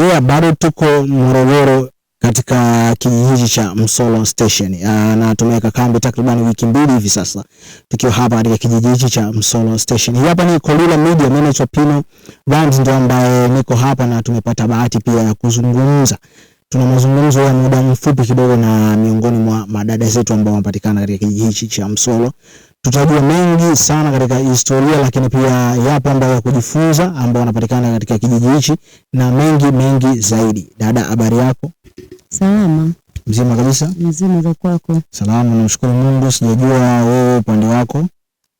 Yeah, bado tuko Morogoro katika kijiji cha Msolo Station Uh, na tumeweka kambi takriban wiki mbili hivi sasa, tukiwa hapa katika kijiji hichi cha Msolo Station. Hii hapa ni Kolula Media, mimi naitwa Pino Band, ndio ambaye niko hapa na tumepata bahati pia ya kuzungumza. Tuna mazungumzo ya muda mfupi kidogo na miongoni mwa madada zetu ambao wanapatikana katika kijiji hichi cha Msolo Tutajua mengi sana katika historia, lakini pia yapo ambayo ya kujifunza ambayo yanapatikana katika kijiji hichi na mengi mengi zaidi. Dada, habari yako? Salama. Mzima kabisa? Mzima za kwako? Salama, namshukuru Mungu. Sijajua wewe upande wako?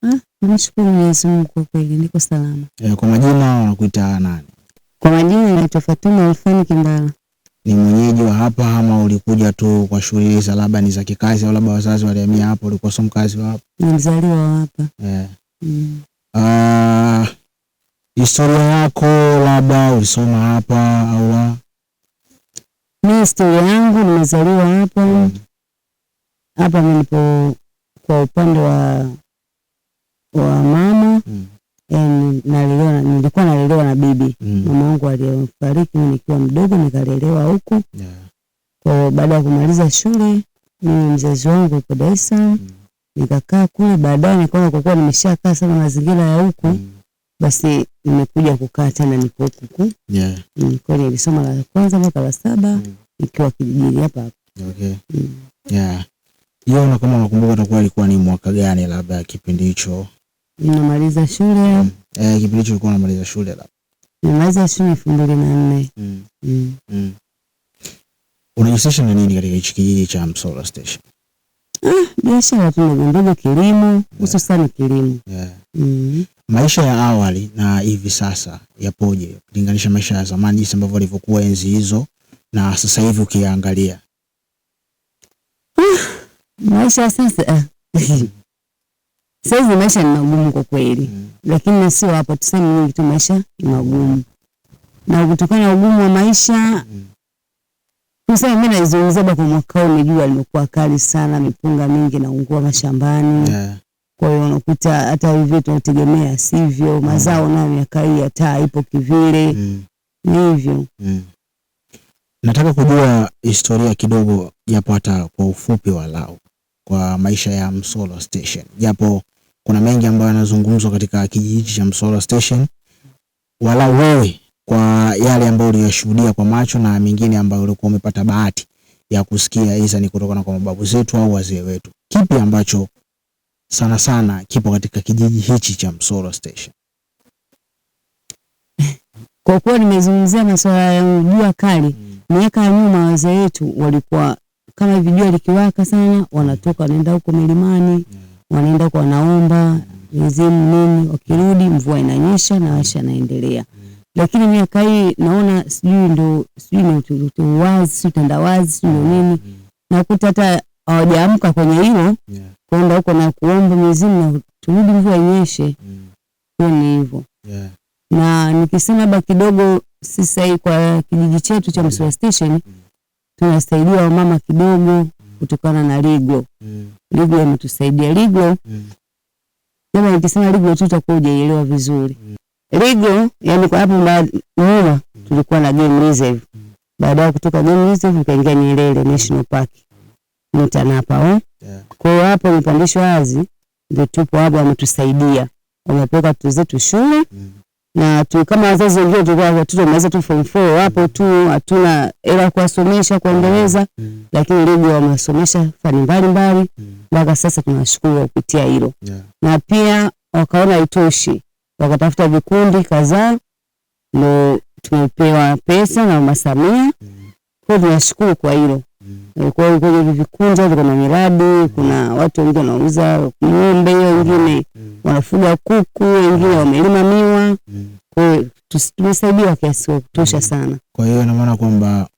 Ah, namshukuru Mwenyezi Mungu kwa kweli niko salama. E, kwa majina wanakuita nani? Kwa majina naitwa Fatuma Alfani Kimbala ni mwenyeji wa hapa ama ulikuja tu kwa shughuli za labda ni za kikazi au labda wazazi walihamia hapo, ulikuwa sio mkazi wa hapa? Ni mzaliwa wa hapa yeah. mm. Uh, historia yako labda ulisoma hapa au la? Mimi historia yangu nimezaliwa hapa mm. hapa nilipo kwa upande wa wa mama mm. Yaani, nalelewa, nilikuwa nalelewa na bibi mm. mama yangu aliyefariki nikiwa mdogo nikalelewa huku yeah. Kwa baada ya kumaliza shule mimi mzazi wangu yuko Dar es Salaam mm. nikakaa kule, baadaye nikaona kwa kuwa nimeshakaa sana mazingira ya huku mm. basi nimekuja kukaa tena niko huko yeah. Mm, nilisoma la kwanza mpaka la saba mm. ikiwa kijijini hapa hapa okay. mm. yeah. Yona, kama unakumbuka, ilikuwa ni mwaka gani labda kipindi hicho Ninamaliza shule mm. eh, kipindi hicho ulikuwa unamaliza shule labda? Nimaliza shule elfu mbili na nne. mm. mm. mm. Unajihusisha na nini katika hichi kijiji cha Msola Station? Ah, biashara tu ndogondogo, kilimo hususani yeah. kilimo yeah. mm. Maisha ya awali na hivi sasa yapoje, ukilinganisha maisha ya zamani jinsi ambavyo alivyokuwa enzi hizo na sasa hivi ukiangalia? ah, maisha ya sasa ah. Saizi maisha ni magumu kwa kweli mm. Lakini sio hapo tuseme nyingi tu maisha ni magumu, na kutokana na ugumu wa maisha mm. Tuseme mimi naizungumzia kwa mwaka huu, nijua limekuwa kali sana, mipunga mingi naungua mashambani yeah. Kwa hiyo unakuta hata hivyo tunategemea sivyo, mm. mazao nayo miaka hii hata ipo kivile mm. hivyo mm. Nataka kujua historia kidogo, japo hata kwa ufupi walau, kwa maisha ya msolo Station, japo kuna mengi ambayo yanazungumzwa katika kijiji hichi cha Msolwa Station, wala wewe kwa yale ambayo uliyashuhudia kwa macho na mengine ambayo ulikuwa umepata bahati ya kusikia, isa ni kutokana kwa mababu zetu au wazee wetu, kipi ambacho sana sana kipo katika kijiji hichi cha Msolwa Station? Kwa kuwa nimezungumzia masuala ya jua kali, hmm. miaka ya nyuma wazee wetu walikuwa kama jua likiwaka sana wanatoka wanaenda huko milimani. Hmm wanaenda kwa wanaomba mizimu nini, wakirudi mvua inanyesha na maisha yanaendelea. Lakini miaka hii naona sijui ndo sijui ni wazi si utandawazi sijui tandawazi sijui nini, nakuta hata hawajaamka kwenye hilo kwenda huko na kuomba mizimu na turudi mvua inyeshe, hiyo ni hivyo na nikisema labda kidogo sisi kwa kijiji chetu cha Msuya Station tunasaidia wamama kidogo kutokana na Ligo. Mm. Ligo ametusaidia Ligo. Mm. Kama nikisema Ligo tu utakuwa hujaielewa vizuri. Mm. Ligo yani kwa hapo nyuma mm. tulikuwa na game reserve. Mm. Baadaye kutoka game reserve ukaingia Nyerere National Park. Mtanapa mm. au? Eh? Yeah. Kwa hiyo hapo umepandishwa wazi ndio tupo hapo ametusaidia. Wamepeka tuzetu shule. Mm na tu, kama wazazi wengine tulikuwa watoto wanaweza tu form 4 wapo tu, hatuna hela kuwasomesha kuendeleza mm. Lakini ligi wamewasomesha fani mbalimbali mpaka mm. Sasa tunashukuru kupitia hilo yeah. Na pia wakaona itoshi, wakatafuta vikundi kadhaa, ndio tumepewa pesa na Mama Samia mm. Kwa tunashukuru kwa hilo kwa hiyo kwenye vikunza kuna miradi, kuna watu wengi wanauza ng'ombe, wengine wanafuga kuku, wengine wamelima miwa. Kwa hiyo kwa kiasi cha kutosha mm. sana. Kwa hiyo ina maana kwamba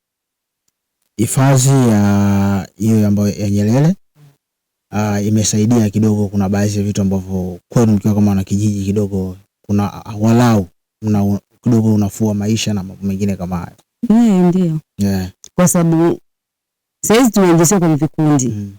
hifadhi ya hiyo ambayo ya Nyerere uh, imesaidia kidogo. Kuna baadhi ya vitu ambavyo kwenu mkiwa kama wana kijiji kidogo, kuna walau mna kidogo unafua maisha na mambo mengine kama hayo. Yeah, ndio yeah. Kwa sababu Sahizi tunaongezea kwenye vikundi mm.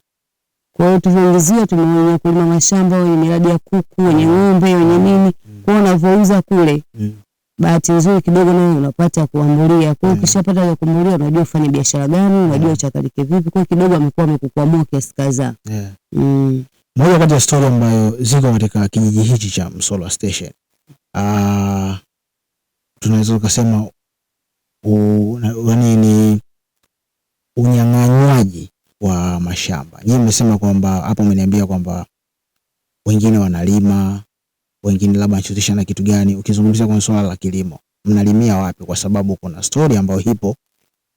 Kwa hiyo tukiongezea, tuna wenye kulima mashamba, wenye miradi ya kuku, wenye mm. ng'ombe, wenye mm. nini mm. hiyo unavyouza kule mm. bahati nzuri kidogo nawe unapata kuambulia. Kwa hiyo mm. ukishapata ya kuambulia, unajua ufanye biashara gani, unajua uchakalike vipi. Kwa hiyo kidogo amekuwa amekukwamua kiasi kadhaa yeah. mm. Moja kati ya stori ambayo ziko katika kijiji hichi cha Msolwa Station uh, tunaweza tukasema yaani ni unyang'anywaji wa mashamba. Nyinyi mmesema kwamba hapo, umeniambia kwamba wengine wanalima, wengine labda wanajishughulisha na kitu gani. Ukizungumzia kwenye swala la kilimo, mnalimia wapi? Kwa sababu kuna stori ambayo hipo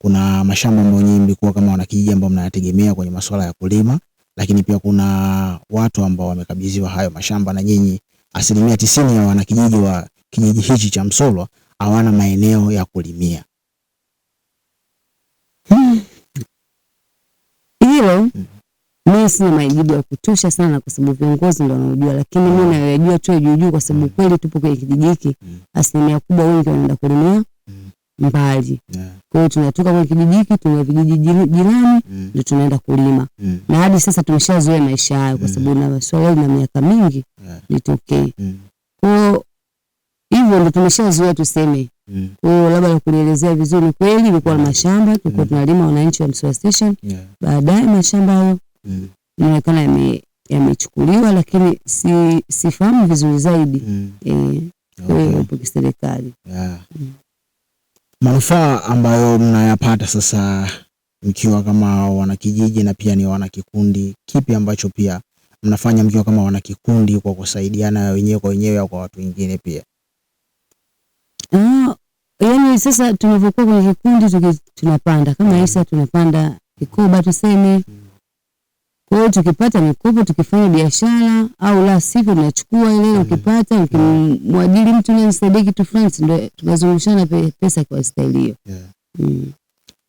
kuna mashamba ambayo nyinyi mlikuwa kama wanakijiji ambao mnayategemea kwenye masuala ya kulima, lakini pia kuna watu ambao wamekabidhiwa hayo mashamba na nyinyi asilimia tisini ya wanakijiji wa kijiji hichi cha Msolwa hawana maeneo ya kulimia. hilo mm. mimi sina majibu ya kutosha sana, kwa sababu viongozi ndio wanajua, lakini mimi ah. nayoyajua tu juu juu, kwa sababu mm. kweli tupo kwenye kijiji hiki, mm. asilimia kubwa wengi wanaenda kulimia mbali. Kwa hiyo tunatoka kwenye kijiji hiki tuna vijiji jirani ndio tunaenda kulima, na hadi sasa tumeshazoea maisha hayo, kwa sababu na swala na miaka mingi litokee. Kwa hiyo hivyo ndio tumeshazoea tuseme Mm. Kwa labda nikuelezea vizuri kweli ilikuwa mm. mashamba tulikuwa mm. tunalima wananchi wa Msuva Station. Yeah. Baadaye mashamba hayo mm. inaonekana yame yamechukuliwa lakini si sifahamu vizuri zaidi. Mm. Eh, okay. Kwa serikali. Yeah. Mm. Manufaa ambayo mnayapata sasa mkiwa kama wanakijiji na pia ni wanakikundi, kipi ambacho pia mnafanya mkiwa kama wanakikundi kwa kusaidiana wenyewe kwa wenyewe au kwa watu wengine pia? Ah, yani sasa tunavyokuwa kwenye kikundi tunapanda kama Isa, tunapanda Kikoba tuseme. Kwa hiyo tukipata mikopo tukifanya biashara au la sivyo tunachukua ile, ukipata ukimwajiri mtu na msaidie kitu fulani, ndio tunazungushana pesa kwa staili hiyo. Yeah. Mm.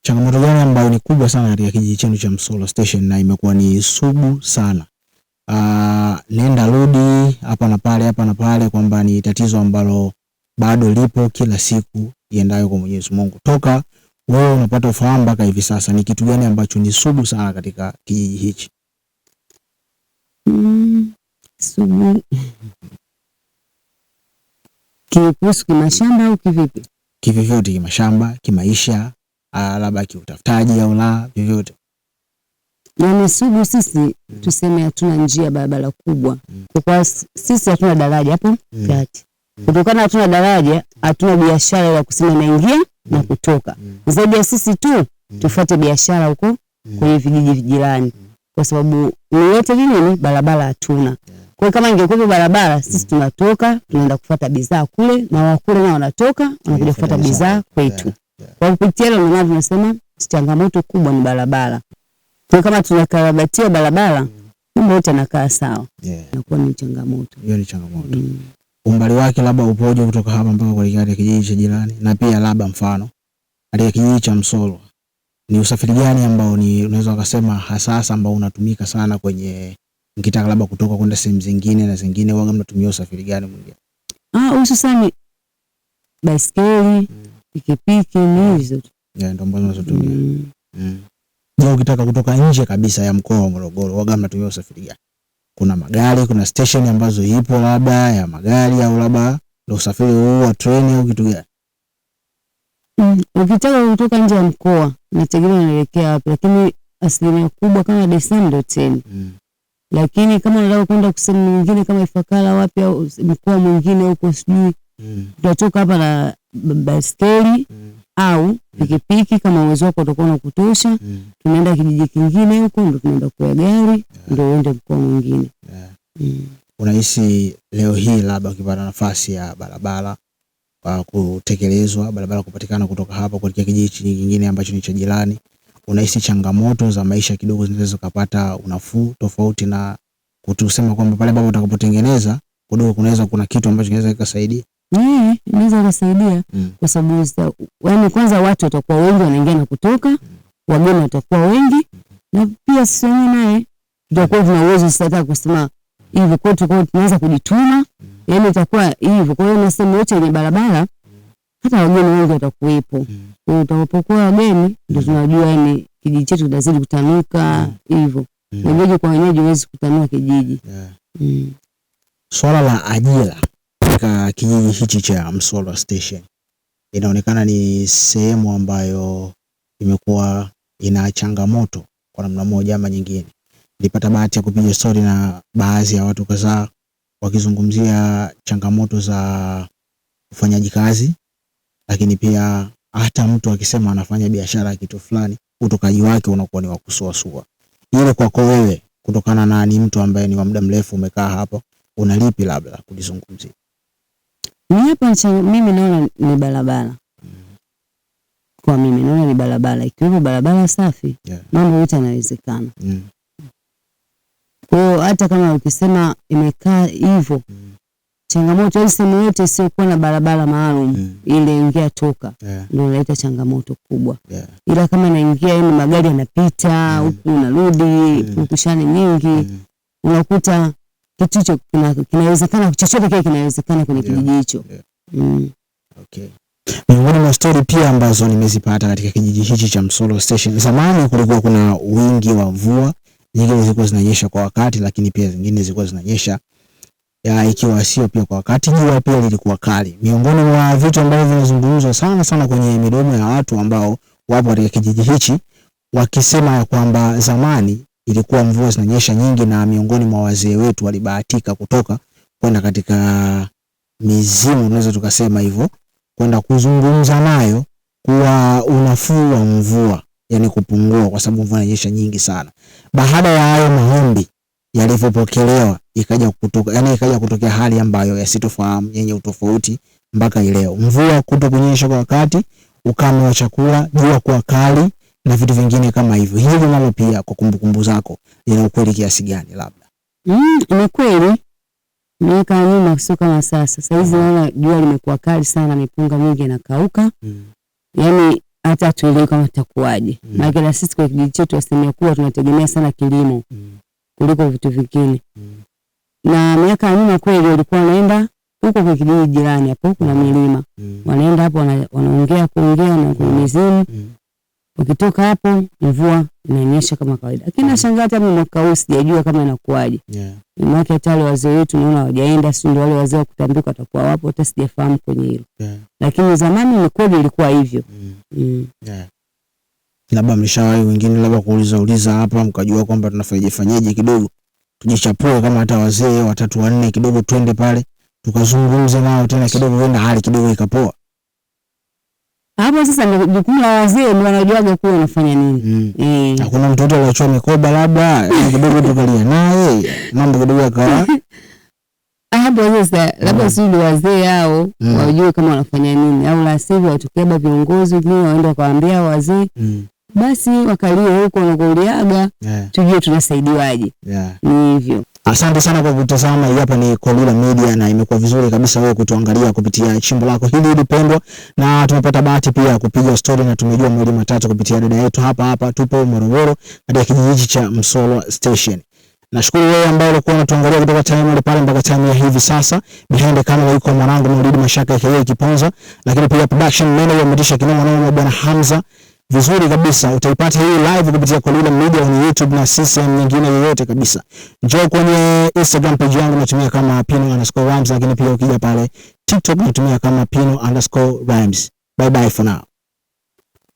Changamoto gani ambayo ni kubwa sana katika kijiji chenu cha Msolwa Station na imekuwa ni sugu sana? Uh, nenda rudi hapa na pale hapa na pale, kwamba ni tatizo ambalo bado lipo kila siku iendayo kwa Mwenyezi Mungu. Toka wewe unapata ufahamu mpaka hivi sasa, ni kitu gani ambacho ni sugu sana katika kijiji hichi? Mm, kimashamba au kivipi? Kivyovyote, kimashamba, kimaisha, ah, labda kiutafutaji au la, vyovyote yaani sugu sisi mm. Tuseme hatuna njia barabara kubwa mm. Kwa sisi hatuna daraja hapo mm. kati Kutokana hatuna daraja, hatuna biashara ya kusema naingia na mm. kutoka. Mm. Zaidi ya sisi tu mm. tufuate biashara huko kwenye vijiji jirani, kwa sababu ni yote nini, barabara hatuna. Kwa hiyo kama ingekuwa barabara, sisi tunatoka tunaenda kufuata bidhaa kule, na wakule nao wanatoka wanakuja kufuata bidhaa kwetu. Kwa kupitia hilo, ndio tunasema changamoto kubwa ni barabara. Kwa kama tunakarabatia barabara, mambo yote yanakaa sawa, inakuwa ni changamoto. Hiyo ni changamoto. mm umbali wake labda upoje kutoka hapa mpaka katika kijiji cha jirani, na pia labda mfano katika kijiji cha Msolwa ni usafiri gani ambao ni unaweza ukasema hasa ambao unatumika sana kwenye mkitaka labda kutoka kwenda sehemu zingine na zingine, waga mnatumia usafiri gani mwingine? Ah, hususani baiskeli, pikipiki ni hizo tu. Yeah, ndio ambazo unazotumia. Mm. mm. Je, ukitaka kutoka nje kabisa ya mkoa wa Morogoro waga mnatumia usafiri gani? kuna magari, kuna station ambazo ipo labda ya magari au labda ndio usafiri huu wa treni au kitu gani? Mm, ukitaka kutoka nje ya mkoa nategemea unaelekea wapi, lakini asilimia kubwa kama Dar es Salaam ndio treni mm. Lakini kama unataka kwenda kusema mwingine kama Ifakara wapi au mkoa mwingine huko sijui mm. Tunatoka hapa na baskeli mm au pikipiki kama uwezo wako utakuwa unakutosha mm. Tunaenda kijiji kingine huko ndo tunaenda kwa gari ndo yeah. Uende mkoa mwingine yeah. mm. Unahisi leo hii labda ukipata nafasi ya barabara kwa kutekelezwa, barabara kupatikana kutoka hapa kuelekea kijiji kingine ambacho ni cha jirani, unahisi changamoto za maisha kidogo zinaweza kupata unafuu tofauti na kutusema kwamba pale baba utakapotengeneza kidogo kunaweza kuna kitu ambacho kinaweza kikasaidia? Eh, inaweza kusaidia mm. kwa sababu yani kwanza watu watakuwa wengi wanaingia na kutoka, wageni watakuwa wengi, na pia sisi wenyewe naye tutakuwa tuna uwezo sasa kusema hivi kwa tutakuwa tunaweza kujituma, yani itakuwa hivyo. Kwa hiyo na sehemu yote yenye barabara hata wageni wengi watakuwepo. Kwa hiyo utakapokuwa wageni ndio tunajua yani kijiji chetu kitazidi kutanuka hivyo. Wenyeji kwa wenyeji huwezi kutanua kijiji. Swala la ajira katika kijiji hichi cha Msolwa Station inaonekana ni sehemu ambayo imekuwa ina changamoto kwa namna moja ama nyingine. Nilipata bahati ya kupiga stori na baadhi ya watu kadhaa wakizungumzia changamoto za ufanyaji kazi, lakini pia hata mtu akisema anafanya biashara ya kitu fulani, utokaji wake unakuwa ni wa kusuasua. Ile kwako wewe, kutokana na ni mtu ambaye ni wa muda mrefu umekaa hapo, unalipi labda kulizungumzia? Hapa mimi naona ni barabara mm. Kwa mimi naona ni barabara, ikiwepo barabara safi yeah. Mambo yote yanawezekana mm. Kwa hiyo hata kama ukisema imekaa hivyo mm. Changamoto hii yaani sehemu yote isiyokuwa na barabara maalum mm. ile ingia toka yeah. ndio inaleta changamoto kubwa yeah. Ila kama inaingia ni yaani magari yanapita mm. huku mm. unarudi mm. mm. nyingi mm. unakuta kitu hicho kinawezekana, chochote kile kinawezekana kwenye kijiji hicho. Mm. Miongoni mwa stori pia ambazo nimezipata katika kijiji hichi cha Msolo Station, zamani kulikuwa kuna wingi wa mvua, nyingine zilikuwa zinanyesha kwa wakati, lakini pia zingine zilikuwa zinanyesha ya ikiwa sio pia kwa wakati. Jua pia lilikuwa kali. Miongoni mwa vitu ambavyo vinazungumzwa sana sana kwenye midomo ya watu ambao wapo katika kijiji hichi, wakisema ya kwamba zamani ilikuwa mvua zinanyesha nyingi, na miongoni mwa wazee wetu walibahatika kutoka kwenda katika mizimu, unaweza tukasema hivyo, kwenda kuzungumza nayo kuwa unafuu wa mvua, yani kupungua, kwa sababu mvua inanyesha nyingi sana. Baada ya hayo maombi yalivyopokelewa, ikaja kutoka yani ikaja kutokea hali ambayo yasitofahamu yenye utofauti mpaka ileo, mvua kutokunyesha kwa wakati, ukame wa chakula, jua kuwa kali na vitu vingine kama hivyo. Hivyo mama, pia kwa kumbukumbu zako ina ukweli kiasi gani? Labda mm, ni kweli miaka nyuma, sio kama sasa. Sasa hizi mm. naona jua limekuwa kali sana, mipunga mingi inakauka mm. yani hata hatuelewi kama tutakuwaje mm. maana na sisi kwa kijiji chetu asilimia kubwa tunategemea sana kilimo mm. kuliko vitu vingine mm. na miaka ya nyuma kweli walikuwa wanaenda huko kwa kijiji jirani hapo kuna milima mm. wanaenda hapo wanaongea kuongea na mizimu mm Ukitoka hapo mvua inanyesha kama kawaida, lakini mm. nashangaa hata mimi mwaka huu sijajua kama inakuwaje. yeah. Maana hata wale wazee wetu naona hawajaenda, si ndio? Wale wazee wa kutambika watakuwa wapo, hata sijafahamu kwenye hilo yeah. Lakini zamani ni kweli ilikuwa hivyo mm. mm. yeah. Labda mlishawahi wengine labda kuuliza uliza hapa mkajua kwamba tunafanyaje kidogo tujichapue kama hata wazee watatu wanne, kidogo twende pale tukazungumze nao tena kidogo, wenda hali kidogo ikapoa hapo sasa ndio jukumu la wazee, ndio wanajuaga kuwa wanafanya nini. Mm. Eh, hakuna mtoto aliochua mikoba labda kidogo tukalia naye mambo kidogo yakawa hapo sasa, labda mm. sijui wazee hao mm. wajue kama wanafanya nini, au la sivyo watokeba viongozi wenyewe waende wakawaambia wazee basi wakalie huko wanakuliaga, tujue tunasaidiwaje. Ni hivyo. Asante sana kwa kutazama, Hii hapa ni Kolila Media na imekuwa vizuri kabisa wewe kutuangalia kupitia chimbo lako hili lipendwa, na tumepata bahati pia kupiga story na tumejua mwili matatu kupitia dada yetu hapa hapa, tupo Morogoro katika kijiji cha Msolwa Station. Nashukuru wewe ambaye ulikuwa unatuangalia kutoka time ile pale mpaka time ya hivi sasa. Behind the camera yuko mwanangu Maulidi Mashaka aka yeye Kiponza, lakini pia production manager ametisha Kinoma na bwana Hamza vizuri kabisa. Utaipata hii live kupitia kwa Media kwenye YouTube na CCM nyingine yoyote kabisa. Njoo kwenye Instagram page yangu natumia kama pino rhymes, lakini pia ukija pale TikTok natumia kama rhymes. Bye bye for now.